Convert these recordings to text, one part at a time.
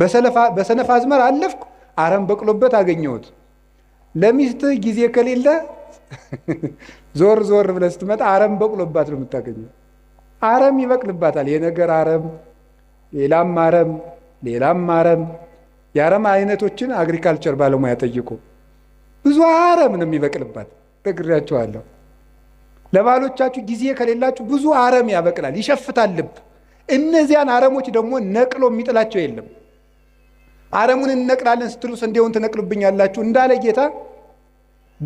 በሰነፍ አዝመር አለፍኩ፣ አረም በቅሎበት አገኘሁት። ለሚስት ጊዜ ከሌለ ዞር ዞር ብለህ ስትመጣ አረም በቅሎባት ነው የምታገኘው። አረም ይበቅልባታል። የነገር አረም፣ ሌላም አረም፣ ሌላም አረም። የአረም አይነቶችን አግሪካልቸር ባለሙያ ጠይቁ። ብዙ አረም ነው የሚበቅልባት። ነግሬያቸዋለሁ። ለባሎቻችሁ ጊዜ ከሌላችሁ ብዙ አረም ያበቅላል፣ ይሸፍታል ልብ። እነዚያን አረሞች ደግሞ ነቅሎ የሚጥላቸው የለም። አረሙን እንነቅላለን ስትሉ ስንዴውን ትነቅሉብኛላችሁ እንዳለ ጌታ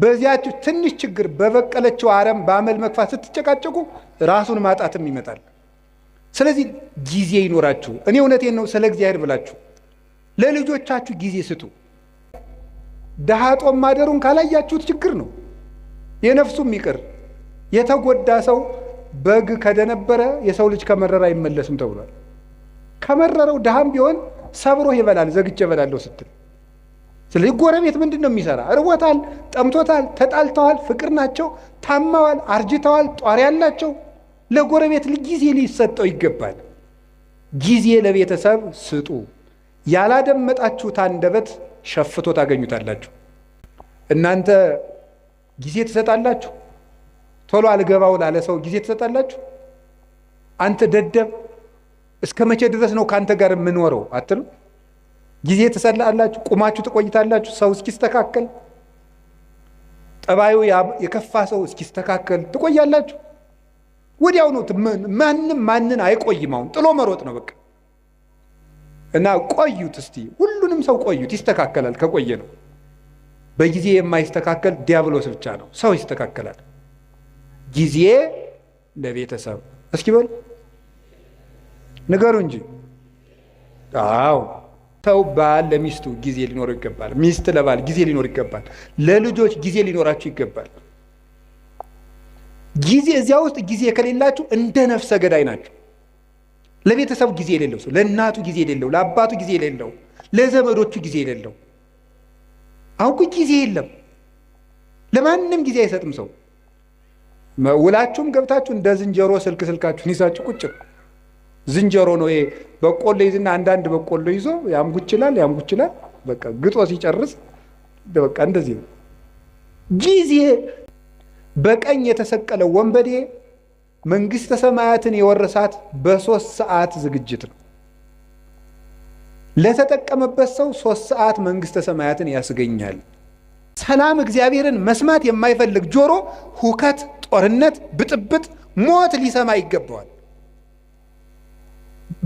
በዚያችሁ ትንሽ ችግር በበቀለችው አረም በአመል መግፋት ስትጨቃጨቁ ራሱን ማጣትም ይመጣል። ስለዚህ ጊዜ ይኖራችሁ። እኔ እውነቴን ነው። ስለ እግዚአብሔር ብላችሁ ለልጆቻችሁ ጊዜ ስጡ። ድሃ ጦም ማደሩን ካላያችሁት ችግር ነው። የነፍሱም ይቅር የተጎዳ ሰው በግ ከደነበረ የሰው ልጅ ከመረረ አይመለስም ተብሏል። ከመረረው ድሃም ቢሆን ሰብሮ ይበላል ዘግቼ እበላለሁ ስትል። ስለዚህ ጎረቤት ምንድን ነው የሚሰራ? ርቦታል፣ ጠምቶታል፣ ተጣልተዋል፣ ፍቅር ናቸው፣ ታማዋል፣ አርጅተዋል፣ ጧሪ ያላቸው ለጎረቤት ጊዜ ሊሰጠው ይገባል። ጊዜ ለቤተሰብ ስጡ። ያላደመጣችሁት አንደበት ሸፍቶ ታገኙታላችሁ። እናንተ ጊዜ ትሰጣላችሁ? ቶሎ አልገባው ላለ ሰው ጊዜ ትሰጣላችሁ? አንተ ደደብ እስከ መቼ ድረስ ነው ከአንተ ጋር የምኖረው አትሉ? ጊዜ ትሰላላችሁ፣ ቁማችሁ ትቆይታላችሁ። ሰው እስኪስተካከል ጠባዩ የከፋ ሰው እስኪስተካከል ትቆያላችሁ። ወዲያው ነው ማንም ማንን አይቆይም። አሁን ጥሎ መሮጥ ነው በቃ። እና ቆዩት እስቲ ሁሉንም ሰው ቆዩት፣ ይስተካከላል። ከቆየ ነው በጊዜ የማይስተካከል ዲያብሎስ ብቻ ነው። ሰው ይስተካከላል። ጊዜ ለቤተሰብ እስኪ በሉ ንገሩ እንጂ። አዎ ሰው ባል ለሚስቱ ጊዜ ሊኖረው ይገባል። ሚስት ለባል ጊዜ ሊኖር ይገባል። ለልጆች ጊዜ ሊኖራችሁ ይገባል። ጊዜ እዚያ ውስጥ ጊዜ ከሌላችሁ እንደ ነፍሰ ገዳይ ናቸው። ለቤተሰቡ ጊዜ የሌለው ሰው፣ ለእናቱ ጊዜ የሌለው፣ ለአባቱ ጊዜ የሌለው፣ ለዘመዶቹ ጊዜ የሌለው። አሁን ጊዜ የለም፣ ለማንም ጊዜ አይሰጥም ሰው። ውላችሁም ገብታችሁ እንደ ዝንጀሮ ስልክ ስልካችሁን ይዛችሁ ቁጭ ዝንጀሮ ነው ይሄ። በቆሎ ይዝና አንዳንድ በቆሎ ይዞ ያምጉ ይችላል ያምጉ ይችላል። በቃ ግጦ ሲጨርስ በቃ እንደዚህ ነው። ጊዜ በቀኝ የተሰቀለ ወንበዴ መንግስተ ሰማያትን የወረሳት በሶስት ሰዓት ዝግጅት ነው። ለተጠቀመበት ሰው ሶስት ሰዓት መንግስተ ሰማያትን ያስገኛል። ሰላም እግዚአብሔርን መስማት የማይፈልግ ጆሮ ሁከት፣ ጦርነት፣ ብጥብጥ፣ ሞት ሊሰማ ይገባዋል።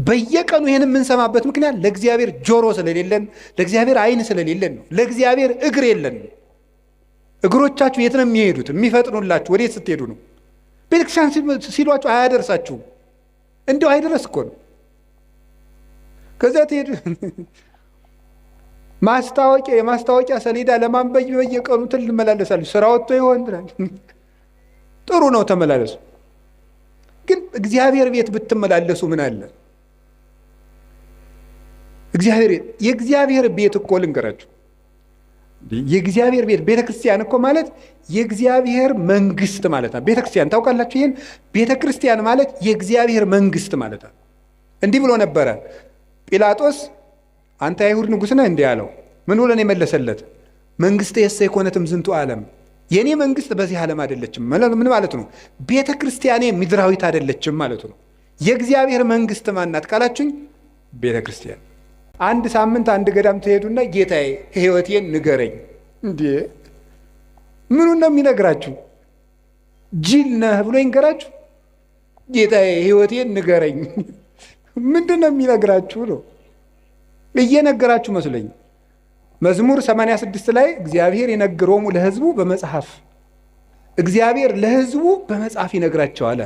በየቀኑ ይህን የምንሰማበት ምክንያት ለእግዚአብሔር ጆሮ ስለሌለን፣ ለእግዚአብሔር አይን ስለሌለን ነው። ለእግዚአብሔር እግር የለን። እግሮቻችሁ የት ነው የሚሄዱት? የሚፈጥኑላችሁ ወዴት ስትሄዱ ነው? ቤተክርስቲያን ሲሏችሁ አያደርሳችሁም። እንዲሁ አይደረስ እኮ ነው። ከዚያ ትሄዱ ማስታወቂያ የማስታወቂያ ሰሌዳ ለማንበይ በየቀኑ ትል ትመላለሳለች። ስራ ወጥቶ ይሆን ጥሩ ነው፣ ተመላለሱ። ግን እግዚአብሔር ቤት ብትመላለሱ ምን አለ? እግዚአብሔር የእግዚአብሔር ቤት እኮ ልንገራችሁ፣ የእግዚአብሔር ቤት ቤተ ክርስቲያን እኮ ማለት የእግዚአብሔር መንግስት ማለት ነው። ቤተ ክርስቲያን ታውቃላችሁ ይህን። ቤተ ክርስቲያን ማለት የእግዚአብሔር መንግስት ማለት ነው። እንዲህ ብሎ ነበረ ጲላጦስ፣ አንተ አይሁድ ንጉሥ ነህ እንዲህ አለው። ምን ብሎ ነው የመለሰለት? መንግስት የሰ የኮነትም ዝንቱ ዓለም የእኔ መንግስት በዚህ ዓለም አይደለችም። ምን ማለት ነው? ቤተ ክርስቲያኔ ምድራዊት አይደለችም ማለት ነው። የእግዚአብሔር መንግስት ማናት ካላችሁኝ ቤተ ክርስቲያን አንድ ሳምንት አንድ ገዳም ትሄዱና ጌታዬ ሕይወቴን ንገረኝ። እንዴ ምኑ ነው የሚነግራችሁ? ጅል ነህ ብሎ ይንገራችሁ? ጌታዬ ሕይወቴን ንገረኝ ምንድን ነው የሚነግራችሁ ነው? እየነገራችሁ መስሎኝ። መዝሙር 86 ላይ እግዚአብሔር የነግሮሙ ለህዝቡ በመጽሐፍ እግዚአብሔር ለህዝቡ በመጽሐፍ ይነግራቸዋል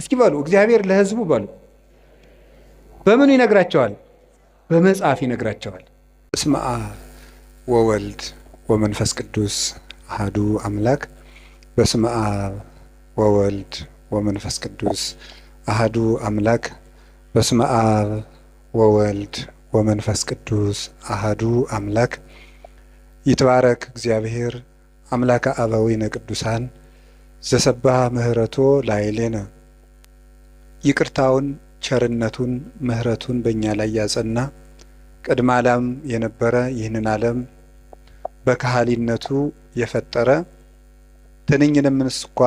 እስኪ በሉ እግዚአብሔር ለህዝቡ በሉ በምኑ ይነግራቸዋል? በመጽሐፍ ይነግራቸዋል። እስመ አብ ወወልድ ወመንፈስ ቅዱስ አህዱ አምላክ። በስመ አብ ወወልድ ወመንፈስ ቅዱስ አህዱ አምላክ። በስመ አብ ወወልድ ወመንፈስ ቅዱስ አህዱ አምላክ። ይትባረክ እግዚአብሔር አምላከ አበዊነ ቅዱሳን ዘሰባ ምህረቶ ላይሌነ ይቅርታውን ቸርነቱን ምሕረቱን በእኛ ላይ ያጸና ቅድመ ዓለም የነበረ ይህንን ዓለም በካህሊነቱ የፈጠረ ትንኝንም እንኳ